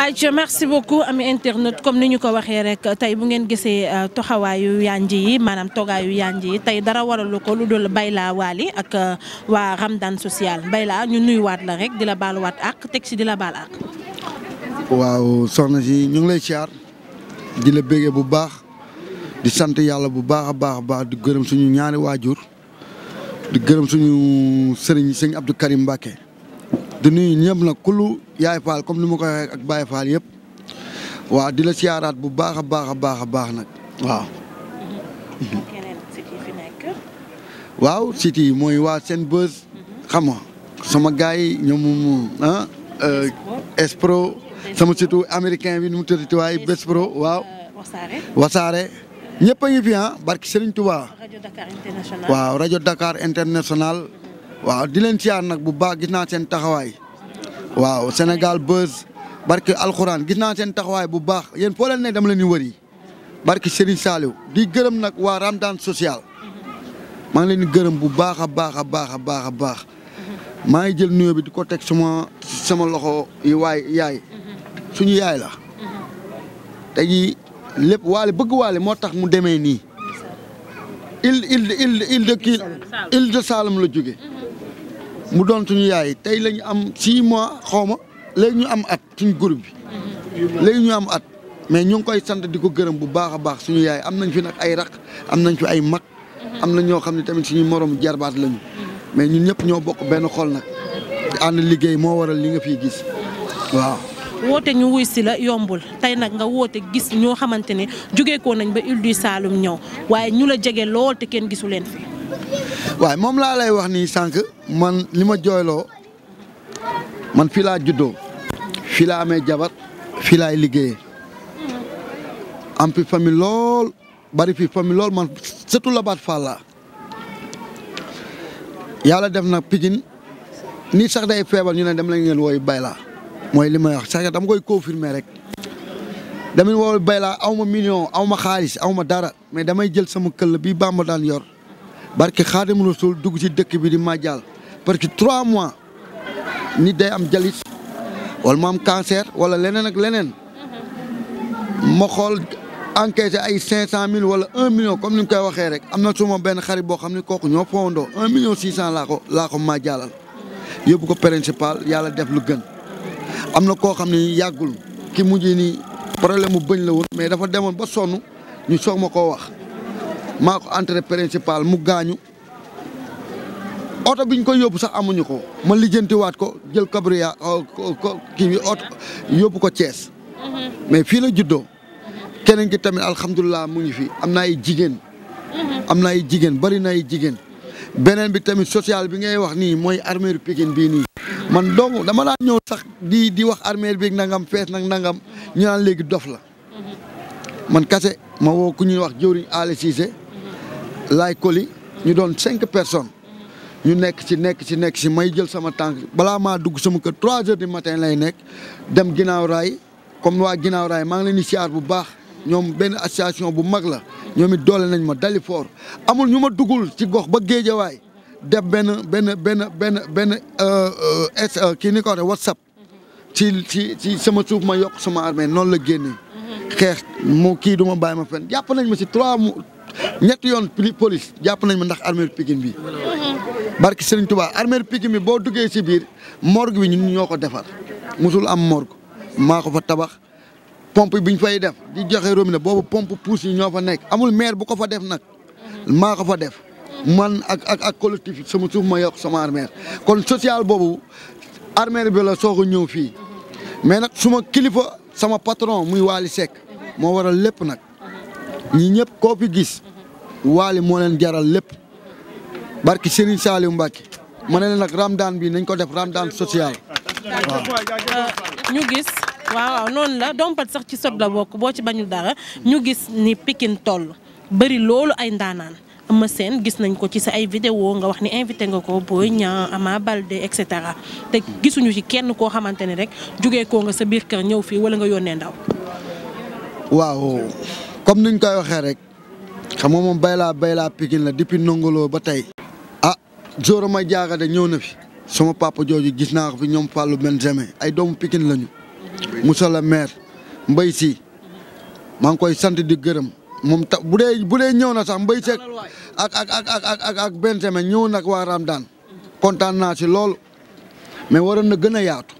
aja merci beaucoup ami internet comme ni ñu ko waxee rek tey bu ngeen gisee euh, toxawaayu yanji yi maanaam togaayu yanji yi tey dara waral waralu ko lu dul laa waali ak euh, waa Ramadan social laa ñu nuyuwaat la rek di la baaluwaat ak teg si di la baal ak waaw soxna si ñu ngi lay siyaar di la béggee bu baax di sant yàlla bu baax a baax baax di gërëm suñu ñaari waajur di gërëm suñu sëriñ sëñ Abdou Karim Mbacke di nuyu ñëpp nag yaay Fall comme ni ma ko waxee ak Baye Fall yëpp waaw di la siyaaraat bu baax a baax a baax a baax nag waaw. siti mooy waa seen bës xam nga sama gars yi ñoom ah, euh, sama site americain bi nu mu tëddati waaye Bespro waaw. Euh, Wasaare. ñëpp a ngi fi ah barki waaw rajo dakaar international. waaw di leen siyaar nag bu baax gis naa seen taxawaay. waaw Sénégal Buzz barke alxuraan gis naa seen taxawaay bu baax yéen foo leen ne dama leen di wëri barke Serigne Saliou di gërëm nag waa Ramadan social maa ngi leen di gërëm bu baax a baax a baax a baax a baax maa ngi jël nuyo bi di ko teg suma sama loxo yi waay yaay suñu yaay la te ji lépp waale bëgg waale moo tax mu demee nii. il il il il kii il de Saloum la jóge mu doon suñu yaay tey lañu am 6 mois xaw ma léegi am at suñu groupe bi léegi ñu am at mais ñu ngi koy sant di ko gërëm bu baax a baax suñu yaay am nañ fi nag ay raq am nañ fi ay mag am na ñoo xam ne tamit suñu moroom jarbaat lañu mais ñun ñëpp ñoo bokk benn xol nag ànd liggéey moo waral li nga fi gis waaw. woote ñu wuy si la yombul tey nag nga woote gis ñoo xamante ne jógeekoo nañ ba Île saalum ñëw waaye ñu la jege lool te kenn gisu leen fi. waaye moom laa lay wax nii sànq man li ma jooyloo man fii laa juddoo fii laa amee jabar fii laay liggéeyee am fi famille lool bari fi famille lool man surtout la baat fàlla yàlla def na Pikine ni sax day feebar ñu ne dem lañ ngeen wooyu Bayla mooy li may wax sax dama koy confirmer rek demin wooyu Bayla aw ma million aw ma xaalis aw ma dara mais damay jël sama këll bi Bamba daan yor barke Xaadimu Rasuul dugg ci dëkk bi di màjjal parce que trois mois nit day am jalis wala mu am cancer wala leneen ak leneen ma xool encaissé ay cinq cent mille wala un million comme ni mu koy waxee rek am na suma benn xarit boo xam ne kooku ñoo fondoo un million six cent laa ko laa ko màjjalal yóbbu ko principal yàlla def lu gën am na koo xam ne yàggul ki mujj nii problème mu bëñ la woon mais dafa demoon ba sonn ñu soog ma koo wax maa ko entrée principal mu gaañu oto biñ ko yóbbu sax amuñu ko ma lijjantiwaat ko jël cabriya euh, kii bi oto yóbbu ko cees mhm. mais fii la juddoo keneen ki tamit alhamdulilah mu ngi fi am na ay jigéen mhm. am na ay jigéen bari na ay jigéen beneen bi tamit social bi ngay wax nii mooy armée Pikine bii nii man dong dama daan ñëw sax di di wax armée bi nangam fees nag nangam ñu naan léegi dof la mhm. man kase ma woo ku ñuy wax jëwriñ Aliou Cissé laay koli ñu doon cinq personnes ñu nekk ci nekk ci nekk ci may jël sama tànk balaa maa dugg sama kër trois heures di matin lay nekk dem ginnaaw raay comme waa ginnaaw raay maa ngi leen di siyaar bu baax ñoom benn association bu mag la ñoom it doole nañ ma dali foor amul ñu ma duggul ci gox ba géejawaay def benn benn benn benn benn euh, euh, s euh, kii ni ko waxee whatsapp ci ci ci sama suuf ma yokk sama armée noonu la génnee mhm. xeex mu kii du ma bàyyi ma fen jàpp nañ ñetti yoon police jàpp nañ ma ndax armeeru Pikine bi mhm. barki Serigne Touba armeeru Pikine bi boo duggee si biir morgue bi ñu ñoo ko defar musul am morgue maa ko fa tabax pompe bi ñu fay def di joxe robinet boobu pompe pousse yi ñoo fa nekk amul maire bu ko fa def nag mhm. maa ko fa def man ak ak ak collectif sama suuf ma yokk sama armeer kon social boobu armeer bi la soog a ñëw fii mais nag suma kilifa sama patron muy Waly sek moo waral lépp nag ñi ñëpp koo fi gis waali moo leen jaral lépp barki Serigne Saliou Mbacke ma ne leen nag ramadan bi nañ ko def ramadan social waaw. ñu gis waaw noonu la dompat sax ci sot la bokk boo ci bañul dara ñu gis ni pikin toll bëri loolu ay ndaanaan. ama Sène gis nañ ko ci sa ay vidéo nga wax ni invité nga ko Boy Niang Ama Baldé et cetera te gisuñu ci kenn koo xamante ni rek jugee koo nga sa biir kër ñëw fii wala nga yónnee ndaw. waaw comme niñ koy waxee rek xam nga moom baylaa baylaa pikin la depuis nongoloo ba tey. ah Zoro ma jaaga de ñëw na fi sama papa jooju gis naa ko fi ñoom Fallou Benzema ay doomu Pikine lañu. Moussa la maire Mbaye si maa ngi koy sant di gërëm moom ta bu dee bu dee ñëw na sax mbay si ak ak ak ak ak ñëw nag waa daan kontaan naa si lool mais waroon na gën a yaatu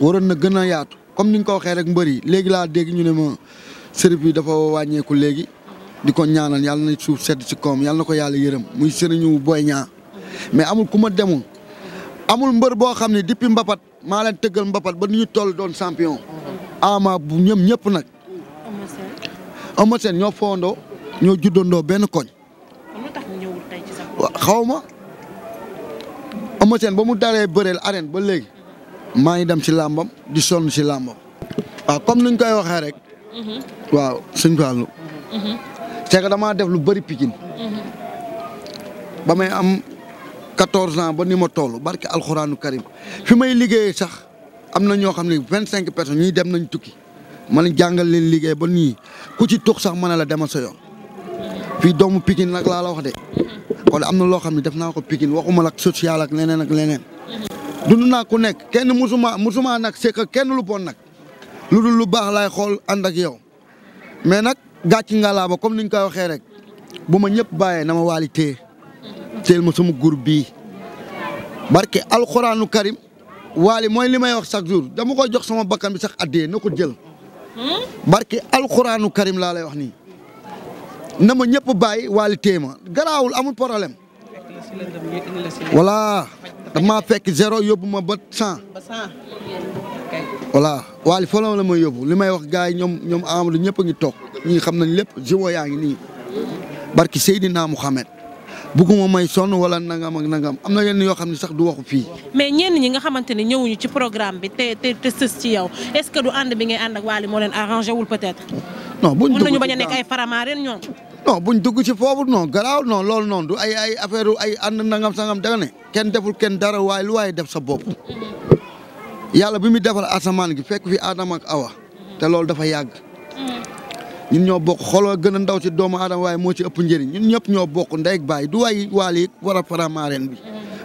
waroon na gën a yaatu comme ni nga ko waxee rek mbër yi léegi laa dégg ñu ne ma sërif bi dafa wàññeeku léegi. di ko ñaanal yàlla na suuf sedd ci koom yàlla na ko yàlla yërëm muy sëriñu Boy Niang mais amul ku ma demul amul mbër boo xam ne depuis Mbapat maa leen tëggal Mbapat ba nu ñu toll doon champion. ama bu ñëm ñëpp nag. Eumeu ñoo foondoo ñoo juddandoo benn koñ. waaw xaw ma Eumeu ba mu daree bëreel arène ba léegi maa ngi dem si làmbam di sonn si làmbam. waaw comme ni ñu koy waxee rek. Mhm. waaw sëñ c'est que damaa def lu bëri Pikine mhm. ba may am 14 ans ba ni ma toolu toll barke alxuraanu karim fi may liggéeyee sax am na ñoo xam ne 25 personnes ñii dem nañ tukki man jàngal leen liggéey ba nii ku ci tux sax mën a la demal sa yoon mhm. fii doomu Pikine nag laa la wax de mhm. kon am na loo xam ne def naa ko Pikine waxuma la social ak leneen ak leneen. dund naa ku nekk kenn musuma musuma nag c'est kenn lu bon nag lu dul lu baax laay xool ànd ak yow mais nag. gàcc ma comme niñ koy waxee rek bu ma ñëpp bàyyee na ma waali téye teel ma sama groupe bii barke alxuraanu karim waali mooy li may wax chaque jour dama ko jox sama bakkan bi sax addee na ko jël barke alxuraanu karim laa lay wax nii na ma ñëpp bàyyi waali téye ma garaawul amul problème voilà daf fekk zéro yóbbu ma ba cent voilà waali foo la mooy may li may wax gars yi ñoom ñoom Amadou ñëpp a toog ñii xam nañ lépp jiwo yaa ngi nii barki Seydina Mouhamed bugguma may sonn wala nangam ak nangam am na yenn yoo xam ne sax du waxu fii. mais ñenn ñi nga xamante ne ñëwuñu ci programme bi te te te sës ci yow est-ce que du ànd bi ngay ànd ak Wally moo leen arrangé wul peut-être. non buñ dugg ci bañ a ay faramaareen ñoom. non buñ dugg ci foofu non garaaw non lool noonu du ay ay affaire ay ànd nangam sangam danga ne kenn deful kenn dara waaye lu waaye def sa bopp. yàlla bi muy defar asamaan gi fekk fi Adama ak Awa te loolu dafa yàgg. Mm-hmm. ñun ñoo bokk xooloo gën a ndaw ci doomu aadama waaye moo ci ëpp njëriñ ñu ñëpp ñoo bokk ndey ak baay du waay waali war a faramaareen bi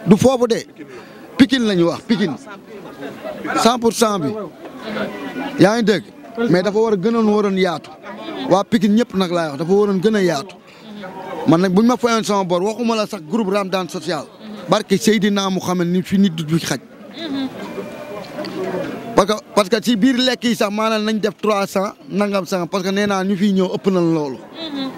du foofu de pikin la ñu wax Pikine cent cent bi yaa ngi dégg mais dafa war a gënoon waroon yaatu waa Pikine ñëpp nag laay wax dafa waroon gën a yaatu man nag buñ ma fayoon sama bor waxuma la sax groupe Ramadan social barke Seydina Muhammad ni fi nit du xaj parce que parce que ci biir lekk yi sax maanaam nañ def trois cent nangam cent parce que nee naa ñu fi ñëw ëpp nañ loolu. Mm-hmm.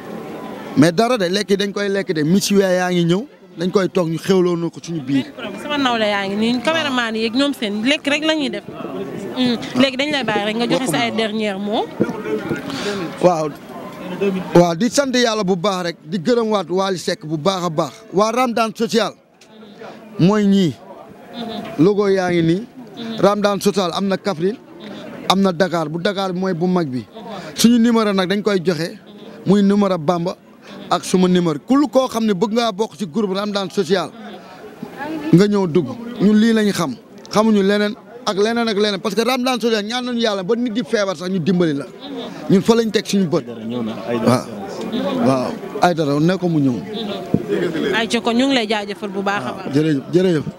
mais dara de lekk yi dañ koy lekk de misiwee yaa ngi ñëw dañ koy toog ñu xéwloo na ko ñu biir. sama nawle yaa ngi nii caméraman yeeg ñoom seen lekk rek la ñuy def. Mm. Ah. léegi dañ lay bàyyi rek nga joxe sa ay dernier mot. waaw. di sant yàlla bu baax rek di gërëm waat Wally sekk bu baax a baax waa Ramadan social. Mm-hmm. mooy ñii. Mm-hmm. logo yaa ngi nii. Mhm. Ramadan Total am na Kaffrine am na dakaar bu dakaar Dakar mooy bu mag bi suñu numéro nag dañ koy joxe muy numéro Bamba ak suma numéro ku koo xam ne bëgg ngaa bokk ci groupe Ramadan Social nga ñëw dugg ñun lii lañ xam xamuñu leneen ak leneen ak leneen parce que daan Social ñaan nañu yàlla ba nit di feebar sax ñu dimbali la mhm. ñu fa lañu teg suñu bët waaw waaw ay dara ne ko mu ñëw. ay ci ko ñu ngi lay jaajëfal bu baax a baax jërëjëf